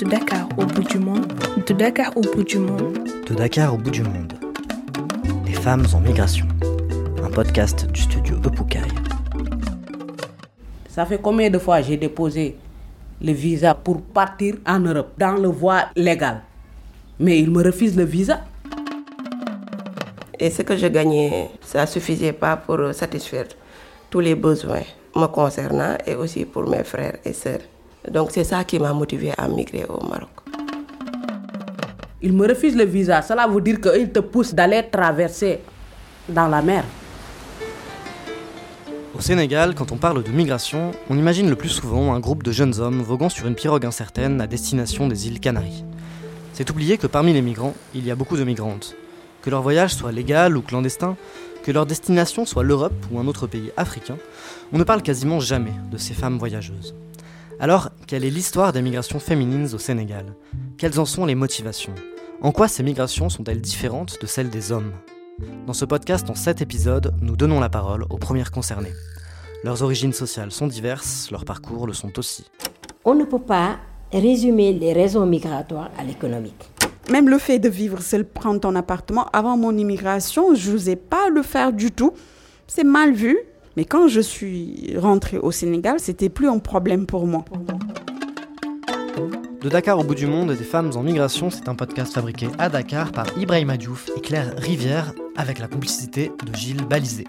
De Dakar au bout du monde. De Dakar au bout du monde. De Dakar au bout du monde. Les femmes en migration. Un podcast du studio Epoukaï. Ça fait combien de fois j'ai déposé le visa pour partir en Europe dans le voie légale Mais ils me refusent le visa. Et ce que je gagnais, ça ne suffisait pas pour satisfaire tous les besoins me concernant et aussi pour mes frères et sœurs. Donc c'est ça qui m'a motivée à migrer au Maroc. Il me refuse le visa. Cela veut dire qu'il te pousse d'aller traverser dans la mer. Au Sénégal, quand on parle de migration, on imagine le plus souvent un groupe de jeunes hommes voguant sur une pirogue incertaine à destination des îles Canaries. C'est oublier que parmi les migrants, il y a beaucoup de migrantes. Que leur voyage soit légal que leur destination soit l'Europe ou un autre pays africain, on ne parle quasiment jamais de ces femmes voyageuses. Alors, quelle est l'histoire des migrations féminines au Sénégal Quelles en sont les motivations En quoi ces migrations sont-elles différentes de celles des hommes Dans ce podcast en 7 épisodes, nous donnons la parole aux premières concernées. Leurs origines sociales sont diverses, leurs parcours le sont aussi. On ne peut pas résumer les même le fait de vivre seul, prendre ton appartement, avant mon immigration, je pas le faire du tout. C'est mal vu, mais quand je suis rentrée au Sénégal, c'était plus un problème pour moi. De Dakar au bout du monde, des femmes en migration, c'est un podcast fabriqué à Dakar par Ibrahim Adjouf et Claire Rivière avec la complicité de Gilles Balizé.